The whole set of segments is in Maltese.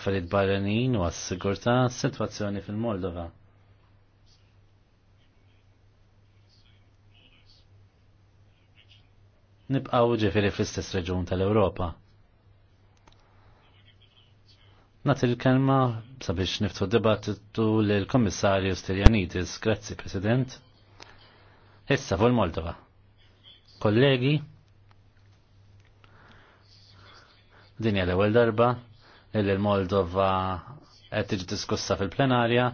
affarijiet barranin u għas-sigurtà s-sitwazzjoni fil-Moldova. Nibqgħu ġifieri fl-istess reġun tal-Ewropa. Nagħti l-kelma sabiex niftu dibattitu lil kommissarju Stiljanidis, grazzi President. Issa fuq moldova Kollegi, dinja l-ewwel darba illi l-Moldova qed tiġi diskussa fil-plenarja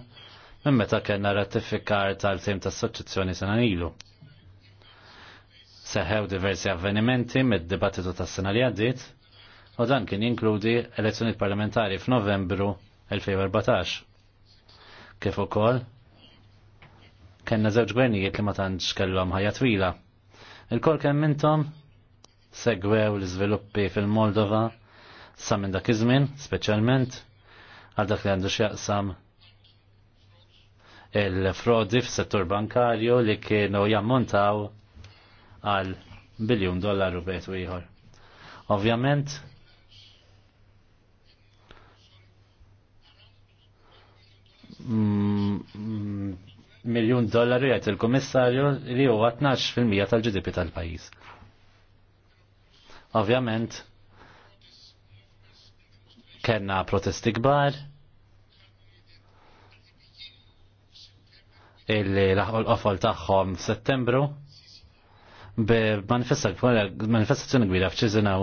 minn meta kellna ratifikar tal-tim tas-soċċezzjoni sena ilu. Seħew diversi avvenimenti mid-dibattitu tas-sena li għaddiet u dan kien jinkludi elezzjonijiet parlamentari f'Novembru 2014. Kif ukoll kellna żewġ gvernijiet li ma tantx kellhom ħajja twila. Il-kol kemm intom segwew l-iżviluppi fil-Moldova sa minn dak iż-żmien, speċjalment għal dak li għandu x'jaqsam il-frodi f'settur bankarju li kienu jammontaw għal biljun dollaru bejt u ieħor. Ovvjament, mm, miljun dollaru jgħat il-komissarju li huwa 12% tal-GDP tal-pajis. Ovvjament, kena protesti kbar. Illi laħu l-qofol tagħhom f'Settembru b'manifestazzjoni gbira f'Ċiżinaw.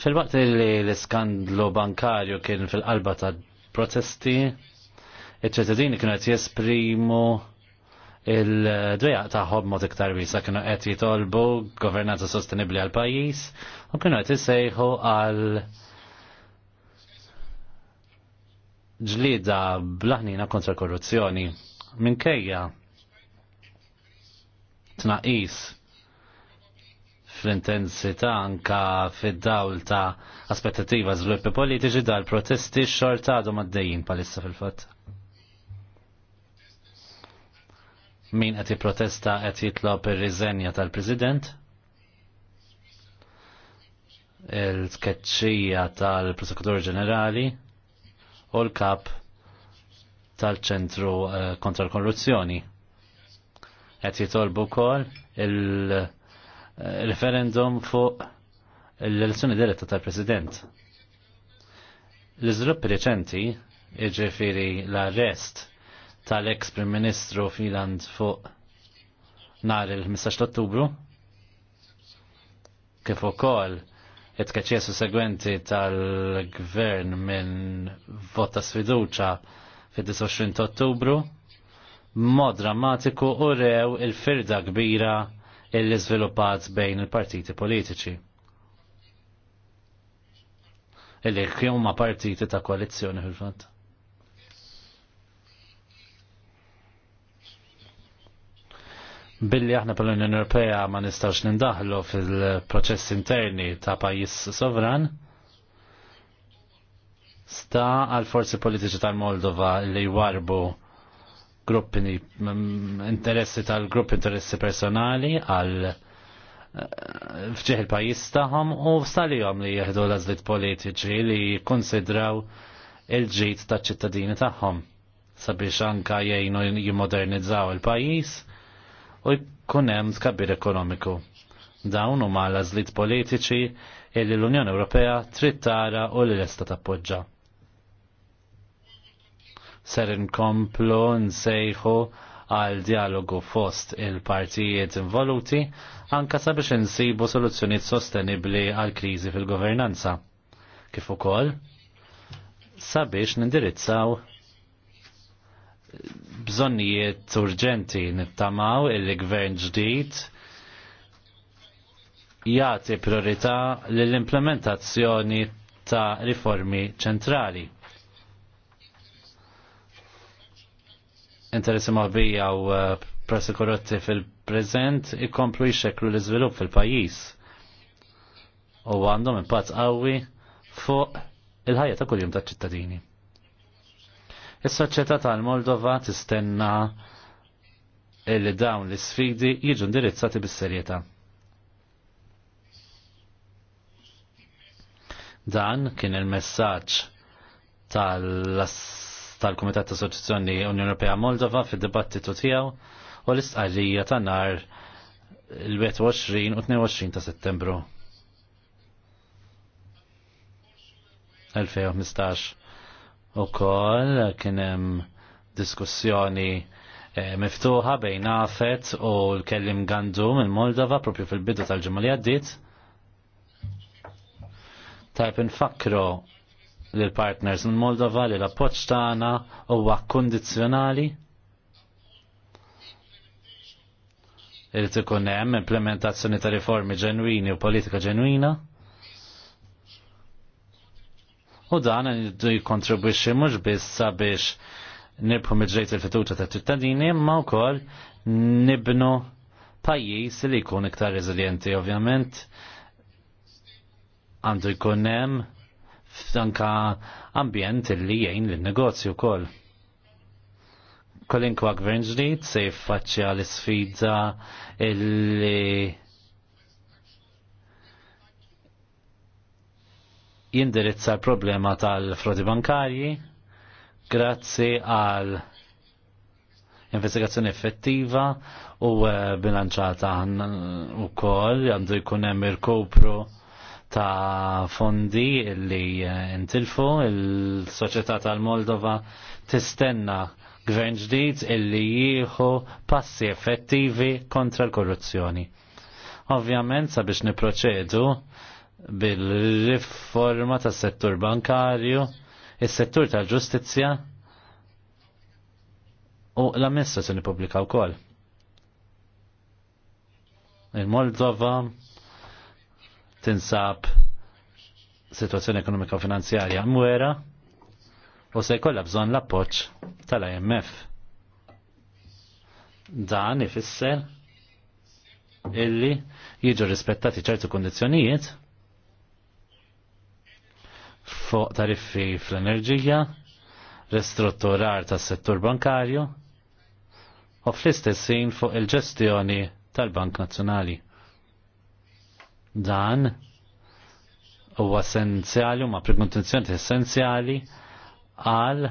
Fil-waqt li l-iskandlu bankarju kien fil-qalba ta' protesti, il ċittadini kienu qed jesprimu il-drejaq taħħom mod iktar wisa kienu qed jitolbu governanza sostenibbli għal pajjiż u kienu qed isejħu għal ġlida blaħnina kontra korruzzjoni minkejja tnaqis fl-intensità anka fid-dawl ta' aspettativa żviluppi politiċi dal protesti xortadu maddejjin palissa fil-fatt. Min qed jipprotesta qed jitlob ir-riżenja tal-President? Il-tkeċċija tal-Prosekutur Ġenerali? u l-kap tal-ċentru eh, kontra l-korruzzjoni. Qed jitolbu wkoll eh, il-referendum fuq l-elezzjoni diretta tal-President. l izrupp reċenti, jiġifieri l-arrest tal-ex Prim Ministru Finland fuq nhar il-15 Ottubru, kif ukoll it-kaċesu segwenti tal-gvern minn vota sfiduċa fid-29 ottubru mod drammatiku u rew il-firda kbira illi sviluppat bejn il-partiti politiċi. Illi kjumma partiti ta' koalizzjoni fil-fatt. billi aħna pal unjoni Ewropea ma nistax nindaħlu fil-proċess interni ta' pajjiż sovran sta għal forzi politiċi tal-Moldova li jwarbu gruppi interessi tal-grupp interessi personali għal eh, fċeħ il-pajis taħom u stalijom li jihdu l-azlit politiċi li konsidraw il-ġit ta' ċittadini taħom sabiex anka jgħinu jimmodernizzaw il-pajis u jkun hemm tkabbir ekonomiku. Dawn huma l-għażliet politiċi illi l-Unjoni Ewropea trid tara u li lesta tappoġġa. Ser inkomplu nsejħu għal dialogu fost il-partijiet involuti anka sabiex insibu soluzzjonijiet sostenibli għal kriżi fil-governanza. Kif ukoll sabiex nindirizzaw bżonnijiet urġenti nittamaw il-gvern ġdid jagħti priorità lill-implementazzjoni ta' riformi ċentrali. Interessi maħbija u eh, prosekurotti fil-prezent ikomplu jxeklu l izvilup fil-pajis u għandhom impatt qawwi fuq il-ħajja ta' kuljum ta' ċittadini. Is-soċjetà tal-Moldova tistenna li dawn l-isfidi jiġu indirizzati bis-serjetà. Dan kien il-messaġġ tal-Kumitat tal Assoċjazzjoni Unjoni Ewropea Moldova fid-dibattitu tiegħu u l-istqarrija ta' nar il-21 u 22 ta' settembru. 2015 U kol kienem diskussjoni eh, miftuħa bejn Afet u l-kellim Gandu minn Moldova propju fil-bidu tal-ġimma li għaddit. Tajb infakru l-partners minn Moldova li l-appoċ tagħna huwa kondizzjonali irid ikun hemm implementazzjoni ta' riformi ġenwini u politika ġenwina u dan għandu jikontribwixi mux biss sabiex nirbħu mid-ġejt il-fiduċa ta' ċittadini, ma' u koll nibnu pajis li jkun iktar rezilienti, ovvjament għandu jkun hemm f'danka ambjent li jgħin l negozju wkoll. Kolinkwa gvern ġdid se jiffaċċja l-isfida li jindirizza l-problema tal-frodi bankarji grazzi għal investigazzjoni effettiva u eh, bilanċata eh, u kol għandu jkun hemm il-kopru ta' fondi li eh, intilfu il-soċjetà tal-Moldova tistenna gvern ġdid illi jieħu passi effettivi kontra l-korruzzjoni. Ovvjament sabiex niproċedu bil-riforma tas settur bankarju, is settur tal-ġustizzja u l-amministrazzjoni pubblika wkoll. Il-Moldova tinsab situazzjoni ekonomika u finanzjarja mwera u se jkollha bżonn l-appoġġ tal-IMF. Dan ifisser illi jiġu rispettati ċertu kundizzjonijiet fuq tariffi fl-enerġija, ristrutturar tas settur bankarju u fl-istessin fuq il-ġestjoni tal-Bank Nazzjonali. Dan huwa essenzjali ma prekondizjoni essenzjali għal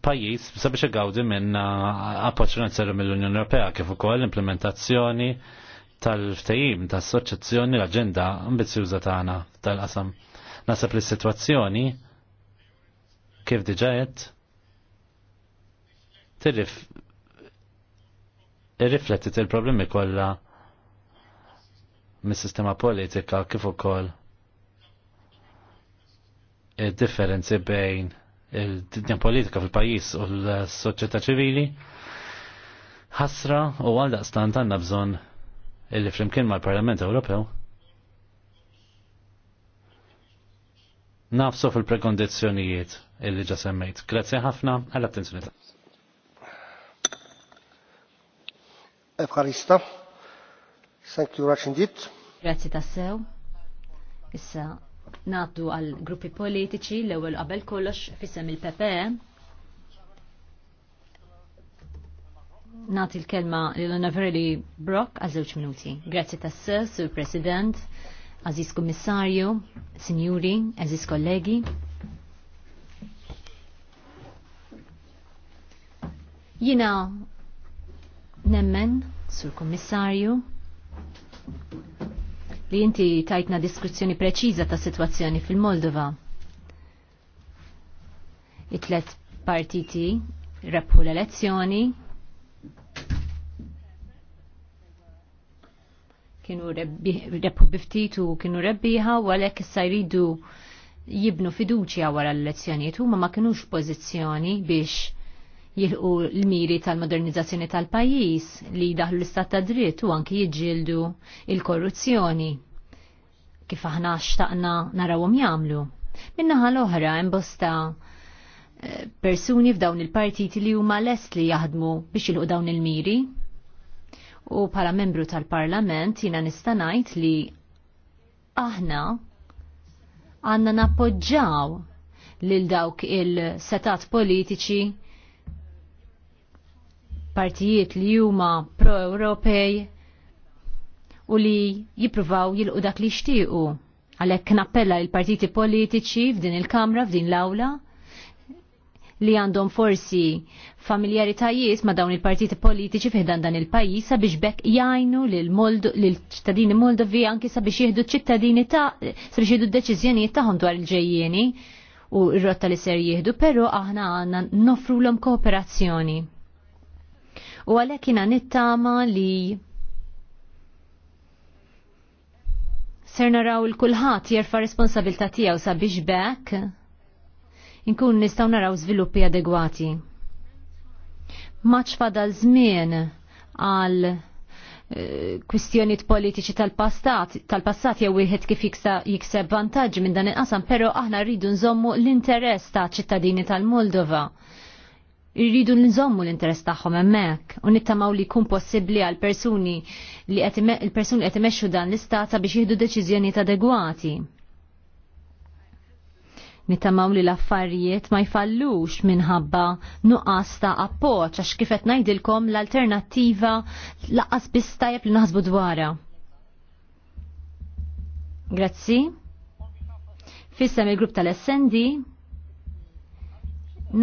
pajis sabiex għawdi minn appoċ mill-Unjoni Ewropea kif ukoll implementazzjoni tal-ftajim, tas-soċezzjoni l-agenda ambizjuża tagħna tal-qasam. Nasab li s-sitwazzjoni kif diġajet tirrif irriflettit il-problemi kollha mis-sistema politika kif ukoll il-differenzi bejn il-dinja politika fil-pajis u l-soċjetà ċivili ħasra u għal daqstant għandna bżonn illi flimkien mal-Parlament Ewropew nafsu fil-prekondizzjonijiet illi ġa semmejt. Grazzi ħafna għall-attenzjoni ta' Evkarista, thank you much indeed. Grazzi tassew. Issa, naddu għal gruppi politiċi l-ewel qabel kollox fissem il-PPE. nati l-kelma l-Elena Verli Brock għazewċ minuti. Grazzi tassu, sir sur President, għaziz Kommissarju, Sinjuri, għaziz Kollegi. Jina nemmen, sur Kommissarju, li inti tajtna diskussjoni preċiża ta' situazzjoni fil-Moldova. It-tlet partiti rebħu l-elezzjoni, kienu rebħu biftit u kienu rebbiħa u għalhekk issa jridu jibnu fiduċja wara l-elezzjonijiet huma ma kinux pożizzjoni biex jilqu l-miri tal-modernizzazzjoni tal-pajjiż li daħlu l-istat ta' dritt u anki jġildu il-korruzzjoni kif aħna xtaqna narawhom jagħmlu. Minnaħa l-oħra imbosta eh, persuni f'dawn il-partiti li huma lest li jaħdmu biex jilqu dawn il-miri u bħala membru tal-Parlament jina nistanajt li aħna għanna nappoġġaw lil dawk il-setat politiċi partijiet li huma pro-Ewropej u li jipruvaw jilqu dak li xtiequ. Għalhekk nappella il partiti politiċi f'din il-Kamra, f'din l-Awla, li għandhom forsi familjaritajiet ma dawn il-partiti politiċi fiħdan dan il-pajis sabiex bekk jajnu l-ċittadini Moldovi anki sabiex jihdu ċittadini ta' sabiex jihdu d-deċizjonijiet taħom dwar il-ġejjeni u r-rotta li ser jihdu, pero aħna għanna nofru l kooperazzjoni. U għalek jina nittama li ser naraw il-kulħat jirfa responsabilta tijaw sabiex bekk inkun nistaw naraw sviluppi adegwati. Maċ fadal żmien għal eh, kwistjoniet politiċi tal-passat, tal-passat jew wieħed kif jikseb vantaġġi minn dan il-qasam, però aħna rridu nżommu l-interess ta' ċittadini tal-Moldova. Irridu nżommu l-interess tagħhom hemmhekk u nittamaw li jkun possibbli għal persuni li qed il-persuni qed imexxu dan l-istat sabiex jieħdu deċiżjonijiet adegwati. Nitamaw li l-affarijiet ma jfallux minħabba nuqqas ta' appoċ għax kifet najdilkom l-alternativa laqqas bistajab li naħsbu dwara. Grazzi. Fissem il-grupp tal-SND.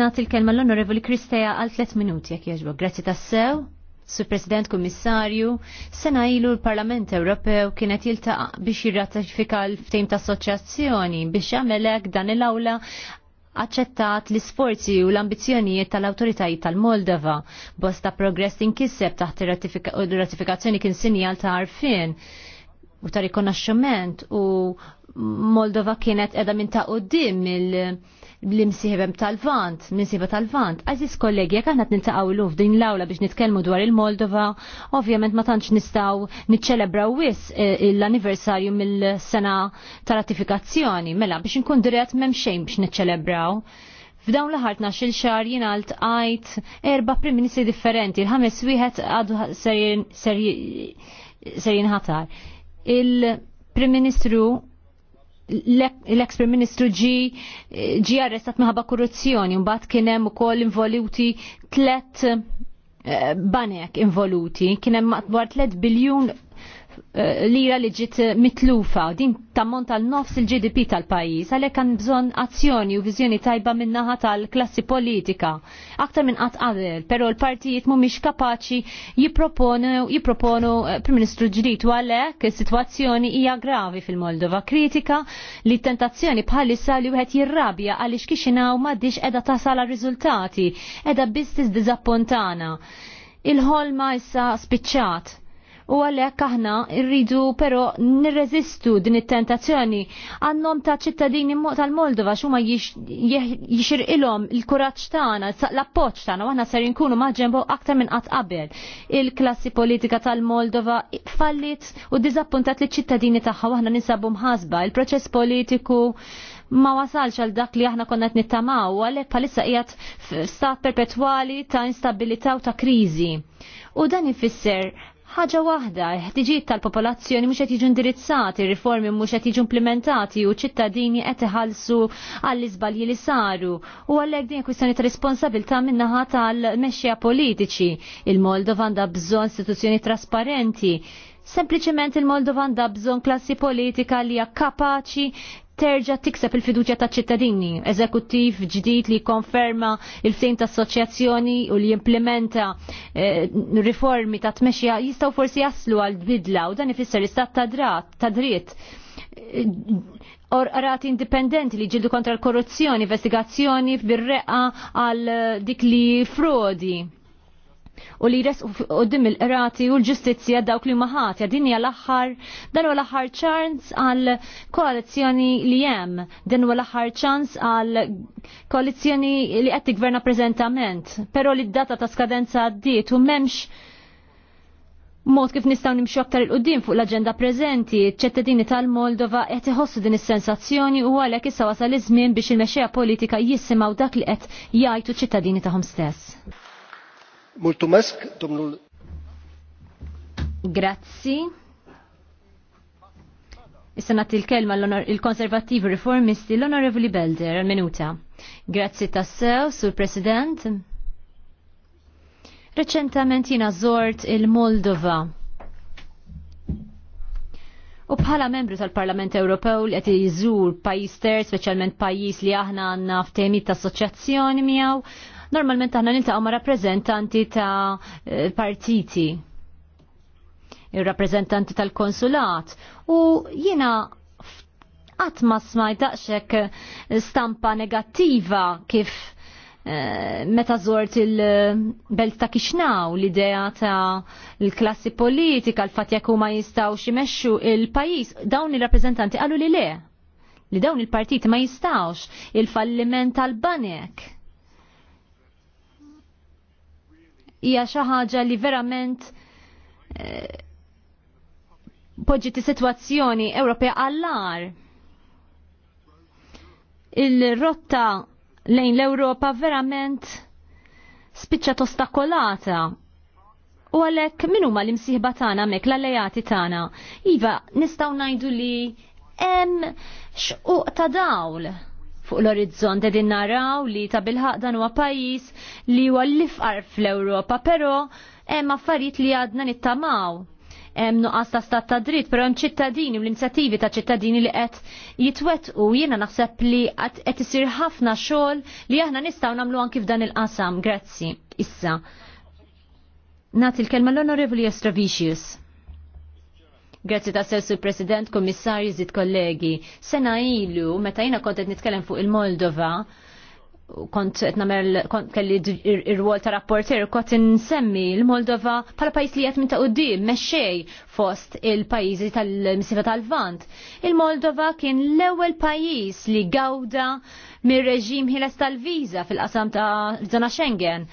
Nati l-kelma l-onorevoli Kristeja għal 3 minuti jek jieġbu. Grazzi tassew. Sur President Kummissarju, sena ilu l-Parlament Ewropew kienet jiltaq biex jirratifika l ftim ta' assoċjazzjoni biex jagħmelek dan il-awla aċċettat l-isforzi u l-ambizjonijiet tal-autoritajiet tal-Moldova. Bosta progress inkisseb taħt ratifikazzjoni kien sinjal ta' arfin u ta' rikonoxximent u Moldova kienet edha minn ta' qoddim l-imsiħibem tal-vant, minsiħba tal-vant. Aziz kollegi, jek għanat nintaqaw l din l-awla biex nitkelmu dwar il-Moldova, ovvjament ma tantx nistaw niċċelebra wis e, l-anniversarju mill-sena ta' ratifikazzjoni, mela biex nkun dirett memxejn biex niċċelebraw. F'dawn l-ħart il-xar jinalt għajt erba prim ministri differenti, l-ħames wieħed għadu ser jinħatar il-Prim Ministru l-ex-Prim Ministru ġi ġi arrestat minħabba korruzzjoni, mbagħad kien hemm ukoll involuti tlet eh, banek involuti, kien hemm madwar 3 biljun Eh, lira li ġiet eh, mitlufa din tammont tal nofs il-GDP tal-pajis għalhekk kan bżonn azzjoni u viżjoni tajba minnaħa tal-klassi politika aktar minn qatt qabel però l-partijiet mhumiex kapaċi jipproponu jipproponu eh, Prim Ministru ġdid u għalhekk is-sitwazzjoni hija gravi fil-Moldova kritika li tentazzjoni bħalissa li wieħed jirrabja għaliex kixinaw m'għaddix qiegħda tasal riżultati qiegħda biss tiżdiżappuntana. Il-ħolma issa spiċċat u għalhekk aħna rridu però nirreżistu din it-tentazzjoni għannom ta' ċittadini tal-Moldova x'huma ilom il-kuraġġ tagħna, l-appoġġ tagħna u ser jinkunu maġġembu aktar minn qatt qabel. Il-klassi politika tal-Moldova fallit u dizappuntat liċ ċittadini tagħha u aħna ninsabu Il-proċess politiku ma wasalx għal dak li aħna konna nittamaw, għale palissa qiegħed stat perpetwali ta' instabilità u ta' kriżi. U dan ifisser ħaġa waħda, ħtiġijiet tal-popolazzjoni mhux qed indirizzati, riformi mhux qed implementati u ċittadini qed iħallsu għall iżbalji li saru u għalhekk din kwistjoni ta' responsabilità min-naħa tal-mexxija politiċi. Il-Moldova għandha bżonn istituzzjoni trasparenti Sempliċement il-Moldova għandha bżonn klassi politika li hija kapaċi terġa tikseb il-fiduċja ta' ċittadini, eżekuttiv ġdid li konferma il-sejn ta' assoċjazzjoni u li implementa eh, riformi ta' tmexja jistaw forsi jaslu għal bidla u dan ifisser istat ta' drat, dritt eh, Orqarat indipendenti li ġildu kontra l-korruzzjoni, investigazzjoni bir-reqqa għal dik li frodi u li jresqu u dim il-qrati u l-ġustizja dawk li maħat, din hija l-aħħar dan u l-aħħar ċans għal koalizjoni li hemm dan u l-aħħar ċans għal koalizjoni li qed tigverna preżentament però li d-data ta' skadenza għaddiet u m'hemmx mod kif nistgħu nimxu aktar il qoddim fuq l-aġenda preżenti, ċ-ċittadini tal-Moldova qed iħossu din is-sensazzjoni u għalhekk issa wasal iż-żmien biex il-mexxejja politika jissimgħu dak li qed jgħidu ċittadini tagħhom stess domnul. Grazzi. Issa nagħti il kelma l konservativ Riformisti l-Onorevoli Belder, minuta. Grazzi tassew, Sur President. Reċentament jina zort il-Moldova U bħala membru tal-Parlament Ewropew li qed jizur pajjiż ter, speċjalment pajjiż li aħna għandna f'temi ta' assoċjazzjoni miegħu, normalment aħna niltaqgħu ma' rappreżentanti ta' eh, partiti ir-rappreżentanti tal-konsulat u jiena qatt ma smajtaqx stampa negattiva kif Eh, meta zort il-belt ta' kixnaw l-idea ta' l-klassi politika l-fat jekk huma jistaw ximexxu il-pajjiż dawn ir-rappreżentanti qalu li le li dawn il-partiti ma jistawx il-falliment tal-banek. Hija xi ħaġa li verament eh, poġġiti situazzjoni Ewropea għallar. Il-rotta lejn l-Ewropa verament spiċċa ostakolata u għalek minu ma l imsieħba tana mek l-allejati tana. Iva, nistaw najdu li em xquq ta' dawl fuq l-orizzont qegħdin naraw li ta' bilħaq dan huwa pajjiż li huwa l-ifqar fl-Ewropa, pero hemm affarijiet li għadna nittamaw hemm nuqqas ta' stat ta' dritt, però hemm ċittadini u l-inizjattivi ta' ċittadini li qed jitwettqu jiena naħseb li qed isir ħafna xogħol li aħna nistgħu nagħmlu anki f'dan il-qasam. Grazzi. Issa. Nagħti l-kelma l-Onorevoli Estravicius. Grazzi ta' sessu President, Kommissarji, zit kollegi. Sena ilu, meta jina kontet nitkellem fuq il-Moldova, kont namel kont kelli ir-rwol ta' rapporter kont insemmi l-Moldova bħala pajjiż li jatmin minn ta' qudiem mexxej fost il-pajjiżi tal missifa tal-Vant. Il-Moldova kien l-ewwel pajjiż li gawda mir-reġim ħiles tal-viża fil-qasam ta' żona Schengen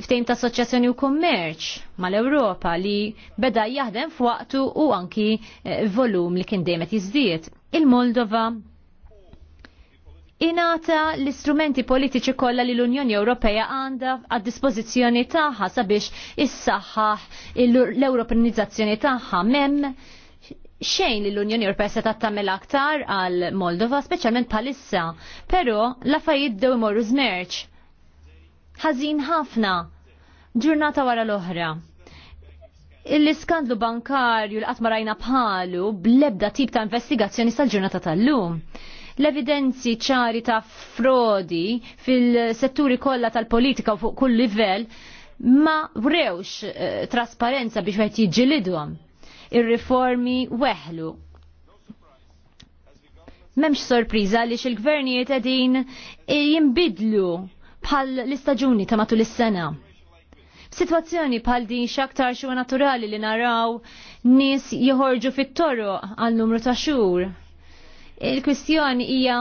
ftejm ta' assoċjazzjoni u kummerċ mal-Ewropa li beda jaħdem f'waqtu u anki eh, volum li kien dejmet jizdiet. Il-Moldova inata l-istrumenti politiċi kollha li l-Unjoni Ewropea għandha għad dispożizzjoni tagħha sabiex issaħħaħ l europenizzazzjoni tagħha mem xejn li l-Unjoni Ewropea se tagħmel aktar għal Moldova, speċjalment bħalissa, però l-affarijiet dew imorru zmerċ. Ħażin ħafna ġurnata wara l-oħra. L-iskandlu bankarju l-qatt ma rajna bħalu bl-ebda tip ta' investigazzjoni sal-ġurnata tal-lum. tal lum L-evidenzi ċari ta' frodi fil-setturi kollha tal-politika fuq kull livell ma rewx uh, trasparenza biex wieħed jiġġilidhom. Ir-riformi weħlu. Memx sorpriża li il-gvernijiet qegħdin jinbidlu bħal l-istaġuni ta' matul is-sena. Situazzjoni bħal din xaktar xuwa naturali li naraw nis jħorġu fit-toru għal numru ta' xhur Il-kwistjoni hija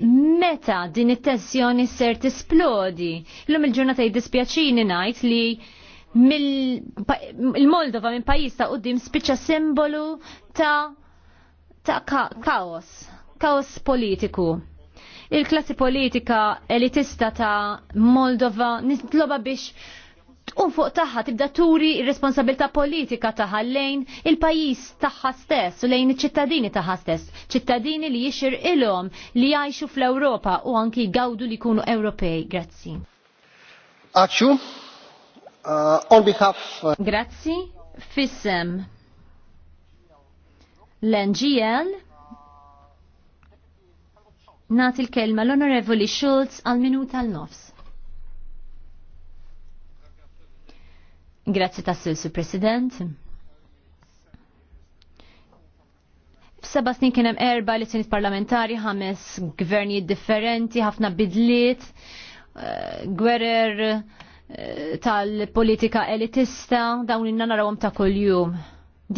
meta din it-tensjoni ser tisplodi. L-lum il-ġurnata jiddispjaċini ngħid li il-Moldova minn pajjiż ta' uddim spiċċa simbolu ta' ta' kaos, kaos politiku il-klassi politika elitista ta' Moldova nitloba biex u fuq taħħa tibda turi ir-responsabilità politika taħħa lejn il-pajis taħħa stess u lejn iċ-ċittadini taħħa stess. ċittadini li jixir ilhom li jgħixu fl-Ewropa u anki jgawdu li jkunu Ewropej. Grazzi. Aċu, uh, on behalf... Uh, Grazzi, fissem l-NGL nati l-kelma l-Onorevoli Schulz għal-minuta l-nofs. Grazzi tassu, Sur President. F'seba' snin kien hemm erba' elezzjonijiet parlamentari, ħames gvernijiet differenti, ħafna bidliet, eh, gwerer eh, tal-politika elitista, dawn inna narawhom ta' kuljum.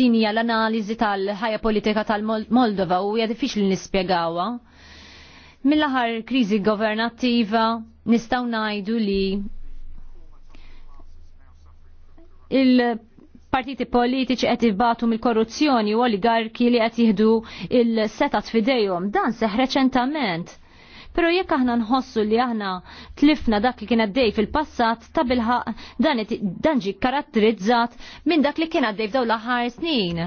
Din hija l-analiżi tal-ħajja politika tal-Moldova u hija diffiċli nispjegawha. Mill-aħħar kriżi governattiva nistgħu ngħidu li il-partiti politiċi qed ibatu mill-korruzzjoni u oligarki li qed jieħdu il-setat fidejhom. Dan seħ reċentament. Pero jekk aħna nħossu li aħna tlifna dak li kien għaddej fil-passat, ta' bilħaq dan ġi karatterizzat minn dak li kien għaddej f'daw l-aħħar snin.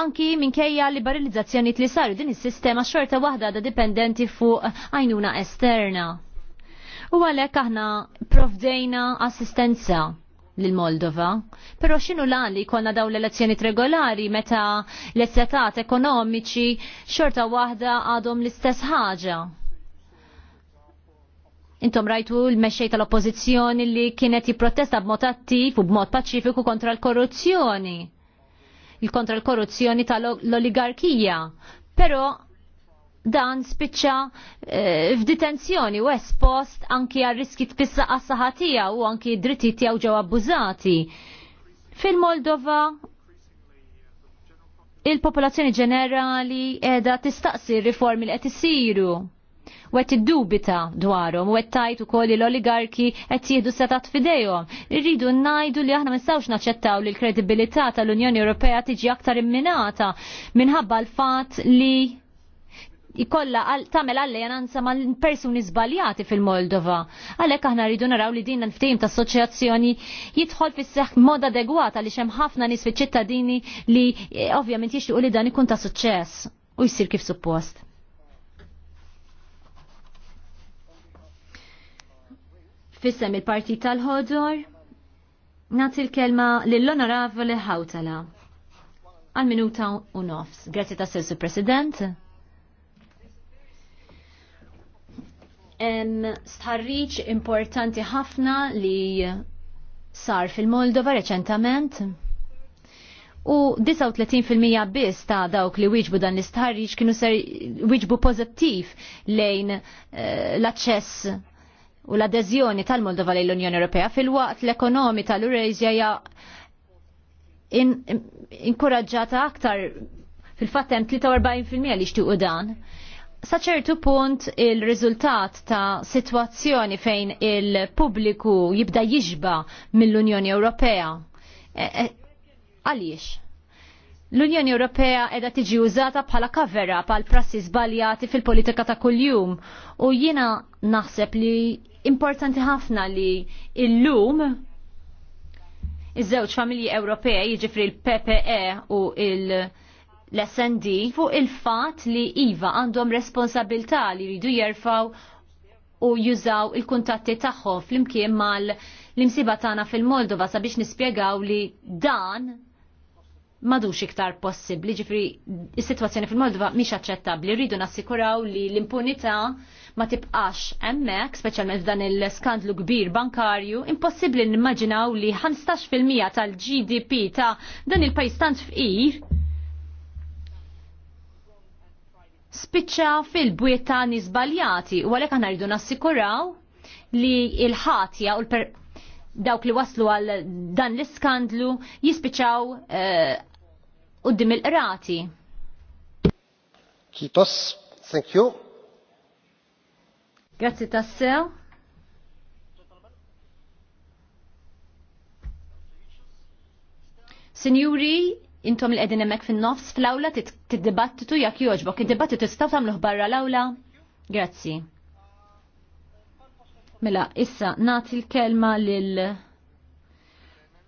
Anki minkejja liberalizzazzjoni li saru din is-sistema xorta waħda da dipendenti fuq għajnuna esterna. U għalhekk aħna provdejna assistenza l-Moldova. Pero xinu lan li konna daw l-elezzjoni regolari meta l-estetat ekonomiċi xorta wahda għadhom l-istess ħaġa. Intom rajtu l-mexxej tal-oppożizzjoni li kienet jipprotesta b'mod attiv u b'mod paċifiku kontra l-korruzzjoni. Il-kontra l-korruzzjoni tal-oligarkija. Pero dan spiċċa eh, f'detenzjoni u espost anki għal riski tpissa għas-saħħa tiegħu u anki dritti tiegħu ġew abbużati. Fil-Moldova il-popolazzjoni ġenerali edha tistaqsi riformi li qed isiru u qed iddubita dwarhom u qed tajt ukoll koll l-oligarki qed jieħdu setat tfidejhom. Irridu ngħidu li aħna ma nistgħux naċċettaw li l-kredibilità tal-Unjoni Ewropea tiġi aktar imminata minħabba l fatt li ikolla tamel alleanza ma' persuni zbaljati fil-Moldova. Għalek aħna rridu naraw li din l-ftim ta' assoċjazzjoni jidħol fis seħħ mod adegwata li xem eh, ħafna nis ċittadini li ovvjament jixtiqu li dan ikun ta' suċċess u jisir kif suppost. Fissem il-parti tal-ħodor, nati l-kelma lill-onoravoli Hautala. Għal minuta u nofs. Grazie ta' Sessu President. Stħarriċ importanti ħafna li sar fil-Moldova reċentament u 39% biss ta' dawk li wieġbu dan l-istħarriġ kienu ser wieġbu pożittiv lejn eh, l-aċċess u l adezjoni tal-Moldova lejn l-Unjoni Ewropea fil-waqt l-ekonomi tal urejzja ja inkoraġġata aktar fil-fatt hemm 43% li xtiequ dan saċertu punt il-riżultat ta' situazzjoni fejn il-pubbliku jibda jiġba mill-Unjoni Ewropea. E, e, għaliex? L-Unjoni Ewropea edha tiġi użata bħala kavera bħal prassi zbaljati fil-politika ta' kuljum u jiena naħseb li importanti ħafna li il-lum iż-żewġ familji Ewropea jiġifri l-PPE u il- l-SND fuq il-fat li IVA għandhom responsabilità li jridu jerfaw u jużaw il-kuntatti tagħhom flimkien mal l-imsiba tagħna fil-Moldova sabiex nispjegaw li dan madux iktar possibli, ġifri il sitwazzjoni fil-Moldova mhix aċċettabbli, rridu nassikuraw li l-impunità ma tibqax hemmhekk, speċjalment f'dan il-skandlu kbir bankarju, impossibbli nimmaġinaw li 15% tal-GDP ta' dan il pajstant tant fqir spiċċa fil-bwieta nizbaljati u għalek aħna rridu nassikuraw li il-ħatja u l per dawk li waslu għal dan l-iskandlu jispiċċaw eh, qudiem il-qrati. Kitos, thank you. Grazzi tassew. Signori, intom li qegħdin hemmhekk fin-nofs fl-awla tiddibattitu jekk jogħġbok. Id-dibattitu tistgħu tagħmluh barra l-awla? Grazzi. Mela, issa nagħti l-kelma lil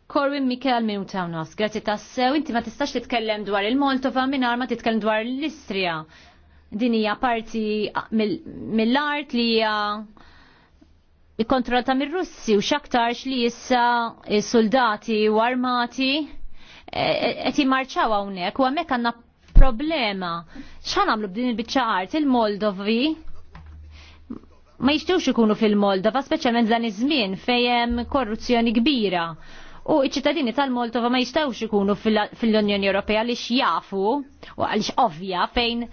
Corwin Mikel minn Tawnos, grazzi tassew, inti ma tistax titkellem dwar il-Moltova minn ma titkellem dwar l-Istria. Din hija parti mill-art li hija ikkontrollata mir-Russi u x'aktarx li issa soldati u armati qed jimmarċaw hawnhekk u hemmhekk għandna problema. X'ħan għamlu b'din il-biċċa art il-Moldovi? Ma jixtiewx ikunu fil-Moldova, speċjalment dan iż-żmien fejn korruzzjoni kbira. U iċ-ċittadini tal-Moldova ma jistawx ikunu fil-Unjoni Ewropea li x'jafu u għaliex ovvja fejn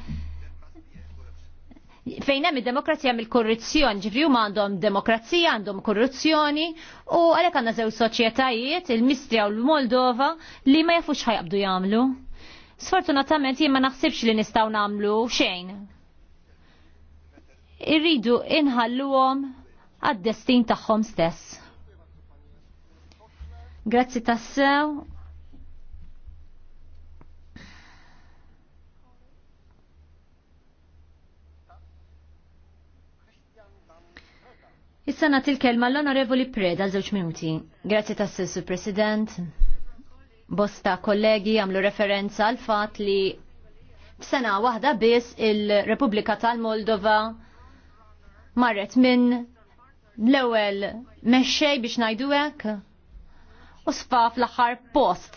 fejn hemm id-demokrazija mill korruzzjoni ġifri huma għandhom demokrazija, għandhom korruzzjoni u għalhekk għandna żewġ soċjetajiet, il-Mistria u l-Moldova li ma jafux ħajqbdu jagħmlu. Sfortunatament jien ma naħsibx li nistgħu nagħmlu xejn. Irridu inħalluhom għad-destin tagħhom stess. Grazzi tassew Is-sena il-kelma l-Onorevoli Preda żewġ minuti. Grazzi tas-sessu President. Bosta kollegi għamlu referenza għal fatt li f'sena waħda biss il-Repubblika tal-Moldova marret minn l-ewwel mexxej biex ngħidu hekk u sfa fl-aħħar post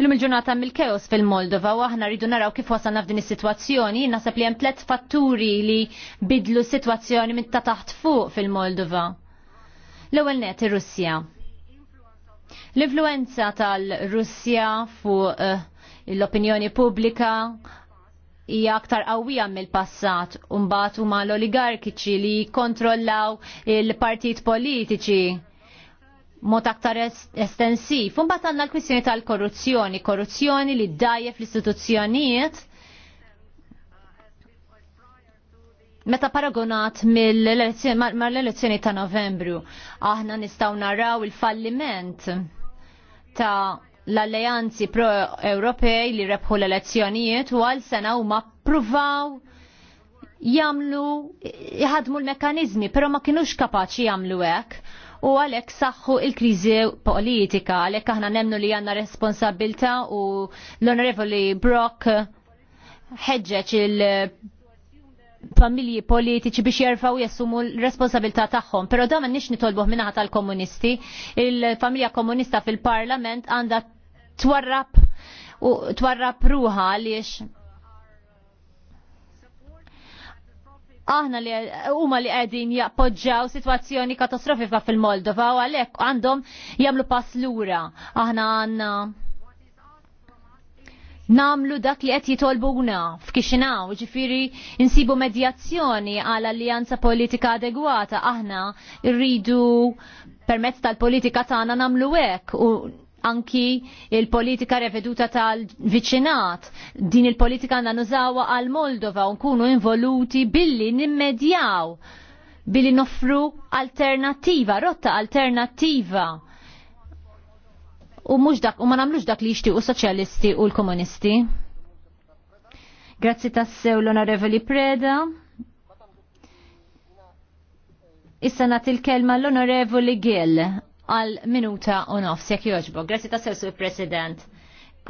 Illum il-ġurnata mill-keos fil-Moldova u aħna rridu naraw kif wasalna f'din is-sitwazzjoni, nasab li hemm tliet fatturi li bidlu s-sitwazzjoni minn ta' taħt fuq fil-Moldova. L-ewwel net ir-Russja. L-influenza tal-Russja fuq eh, l-opinjoni pubblika hija aktar qawwija mill-passat u mbagħad huma l-oligarkiċi li jikkontrollaw il-partit politiċi mod aktar estensiv. bat għanna l-kwissjoni tal-korruzzjoni, korruzzjoni li dajje fl istituzzjonijiet meta paragonat mal-elezzjoni ta' novembru. Aħna nistaw naraw il-falliment ta' l-alleanzi pro-Ewropej li rebħu l-elezzjonijiet u għal sena u ma' pruvaw jamlu, jħadmu l-mekanizmi, pero ma kienux kapaċi jamlu hekk u għalhekk saħħu il-kriżi politika, għalhekk aħna nemnu li għandna responsabilta u l-Onorevoli Brock ħeġġeġ il- familji politiċi biex jerfaw jassumu l-responsabilità tagħhom. Però da m'għandniex nitolbuh minnaħa tal-komunisti. Il-familja komunista fil-Parlament għandha twarrab u twarrab ruħa għaliex aħna li huma li qegħdin jappoġġjaw sitwazzjoni katastrofika fil-Moldova u għalhekk għandhom jagħmlu pass lura. Aħna għandna namlu dak li qed jitolbuna f'kixinaw, ġifiri insibu medjazzjoni għal alleanza politika adegwata aħna rridu permezz tal-politika tagħna namlu hekk u anki il-politika reveduta tal-viċinat. Din il-politika għanna għal-Moldova unkunu involuti billi nimmedjaw, billi noffru alternativa, rotta alternativa. U mux dak, u ma namlux dak li u soċjalisti u l-komunisti. Grazzi tassew l-onorevoli Preda. Issa nat il-kelma l-onorevoli Gill għal minuta u nofs jekk joġbo. Grazzi ta' il President.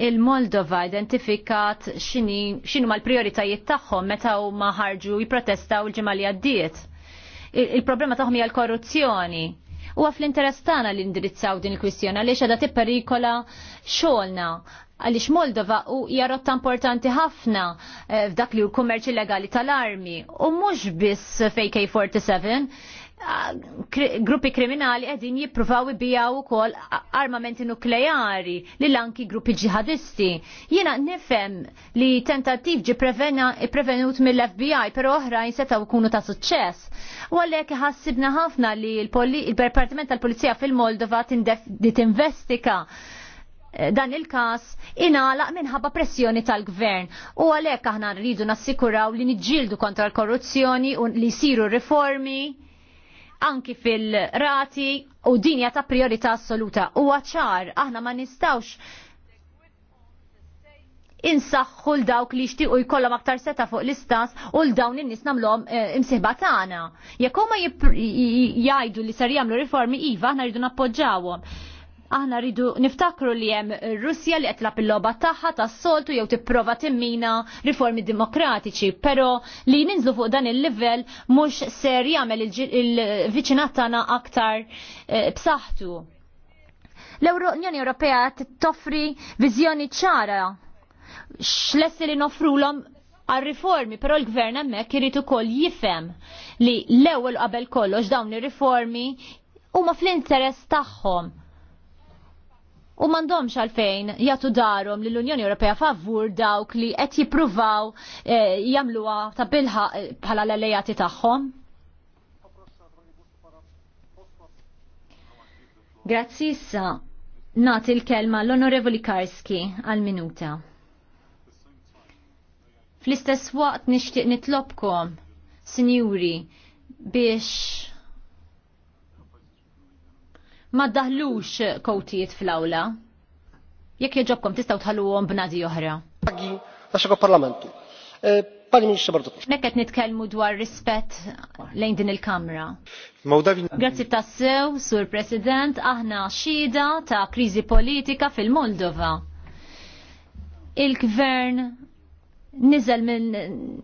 Il-Moldova identifikat xinu ma l-prioritajiet tagħhom meta huma ħarġu jipprotestaw il-ġimgħa li għaddiet. Il-problema tagħhom hija l-korruzzjoni. Huwa fl-interess tagħna li indirizzaw din il-kwistjoni għaliex għadha tipperikola xogħolna għalix Moldova u hija rotta importanti ħafna eh, f'dak li hu kummerċ illegali tal-armi u mhux biss fej K47 gruppi kriminali qegħdin jippruvaw u ukoll armamenti nukleari lil lanki gruppi ġihadisti. Jiena nifhem li tentattiv ġi prevenut mill-FBI, però oħrajn setgħu jkunu ta' suċċess. U għalhekk ħassibna ħafna li l-Departiment tal-Pulizija fil-Moldova titinvestika eh, dan il-kas inalaq minħabba pressjoni tal-gvern u għalhekk aħna rridu nassikuraw li niġġieldu kontra l-korruzzjoni u li jsiru riformi anki fil-rati u dinja ta' priorità assoluta. U għacħar, aħna ma nistawx insaħħu l-dawk li jixtiequ jkollhom aktar seta fuq l-istas u l-dawn in-nies nagħmluhom eh, imsieħba tagħna. Jekk huma jgħidu li sar jagħmlu riformi iva aħna rridu nappoġġawhom aħna rridu niftakru li hemm Russja li qed il-logħba tagħha tas-soltu jew tipprova timmina riformi demokratiċi, però li ninżlu fuq dan il-livell mhux ser jagħmel il-viċinat tagħna aktar eh, b'saħħtu. L-Unjoni Ewropea toffri viżjoni ċara x'lessi li nofrulhom għal-riformi, però l-gvern hemmhekk irid ukoll jifhem li l-ewwel qabel kollox dawn ir-riformi huma fl-interess tagħhom u mandomx għalfejn jatu darom li l-Unjoni Ewropea favur dawk li qed jippruvaw eh, jagħmluha ta' bilħa eh, bħala l-allejati tagħhom. Grazzi issa nagħti l-kelma l-Onorevoli Karski għal minuta. Fl-istess waqt nixtieq nitlobkom, Sinjuri, biex ma daħlux kowtijiet fl-awla. Jekk jieġobkom, tistaw għom b'nadi oħra. Għaxħu parlamentu. Eh, pani Ministru Bardu. Nekket nitkelmu dwar rispett lejn din il-Kamra. Grazzi tassew, Sur President, aħna xida ta' krizi politika fil-Moldova. Il-gvern nizel minn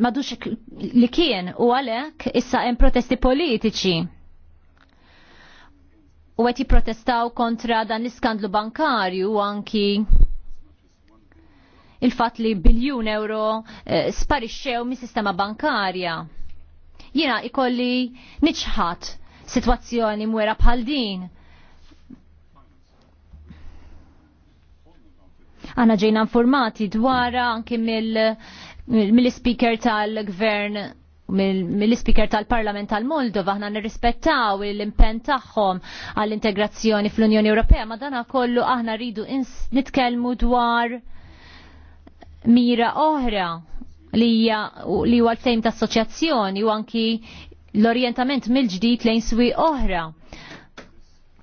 madux li kien u għalek issa hemm protesti politiċi u għet jiprotestaw kontra dan l-iskandlu bankarju anki il-fat li biljun euro eh, sparixxew mis sistema bankarja. Jina ikolli niċħat situazzjoni mwera bħal din. Għana ġejna informati dwar anki mill-speaker mil tal-gvern mill-Speaker tal-Parlament tal-Moldova aħna nirrispettaw l-impenn tagħhom għall-integrazzjoni fl-Unjoni Ewropea, ma dana kollu aħna rridu nitkellmu dwar mira oħra li hija li huwa l-fejm ta' assoċjazzjoni u anki l-orjentament mill-ġdid lejn swi oħra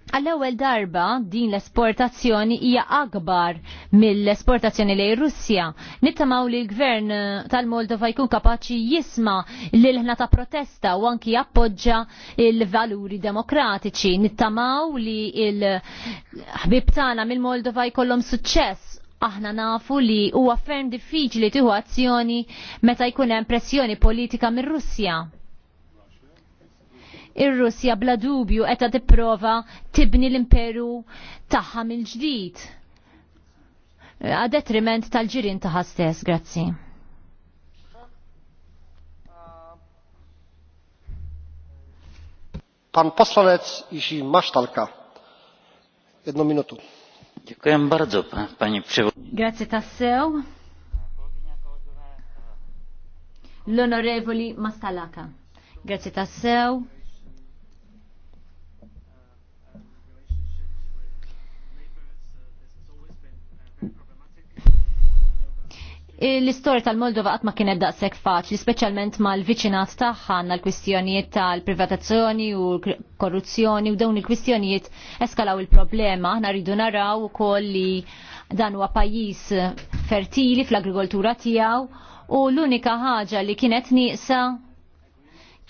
għall-ewwel darba din l-esportazzjoni hija akbar mill-esportazzjoni lejn Russja. Nittamaw li l-gvern tal-Moldova jkun kapaċi jisma lil ħna ta' protesta u anki jappoġġa il-valuri demokratiċi. Nittamaw li l-ħbib tagħna mill-Moldova jkollhom suċċess aħna nafu li huwa ferm diffiċli tieħu azzjoni meta jkun hemm pressjoni politika mir-Russja Ir-Russja bla dubju qed tipprova tibni l-imperu tagħha mill-ġdid. A detriment tal ġirin tagħha stess, grazzi. Pan poslanec Iżi Masztalka. Jedną minutu. Dziękuję bardzo, panie przewodniczący. Grazie tassew. L'onorevoli Mastalaka. Grazie tassew. L-istorja tal-Moldova qatt ma kienet daqshekk faċli, speċjalment mal-viċinat tagħha għandna l-kwistjonijiet tal-privatazzjoni u korruzzjoni u dawn il-kwistjonijiet eskalaw il-problema. Aħna rridu naraw ukoll li dan huwa pajjiż fertili fl-agrikoltura tiegħu u l-unika ħaġa li kienet nieqsa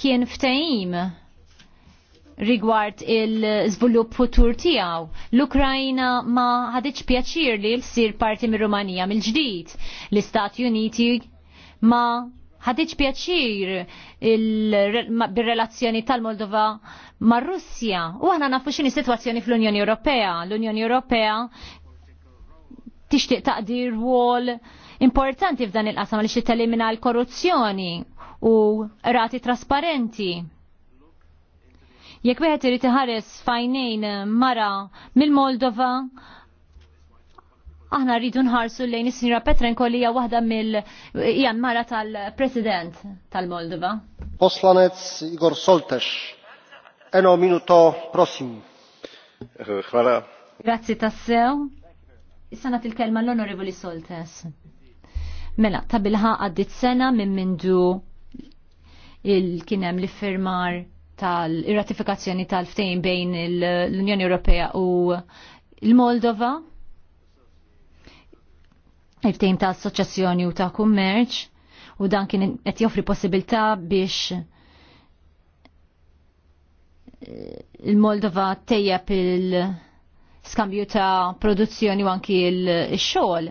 kien ftehim rigward il-żvilupp futur tiegħu. L-Ukrajna ma ħadiċ pjaċir li l-sir parti mir rumanija mill-ġdid. L-Istati Uniti ma ħadiċ pjaċir bil-relazzjoni tal-Moldova mar Russja. U għana nafu xini situazzjoni fl-Unjoni Ewropea. L-Unjoni Ewropea tixtieq taqdir wol importanti f'dan il-qasam li xittelimina l-korruzzjoni u rati trasparenti Jekk wieħed irid iħares fajnejn mara mill-Moldova, aħna rridu nħarsu lejn is-Sinjora Petrenko li hija waħda mill hija mara tal-President tal-Moldova. Poslanec Igor Soltex. Eno minuto prosim. Hvala. Grazzi tassew. Issa nagħti il-kelma l-Onorevoli Soltes. Mela, ta' bilħa għaddit sena minn mindu il-kienem li firmar tal-ratifikazzjoni tal-ftejn bejn l-Unjoni Ewropea u l-Moldova, il-ftejn ta' assoċjazzjoni u ta' kummerċ, u dan kien qed joffri possibilità biex eh, il-Moldova tejjeb il-skambju ta' produzzjoni u anki il-xogħol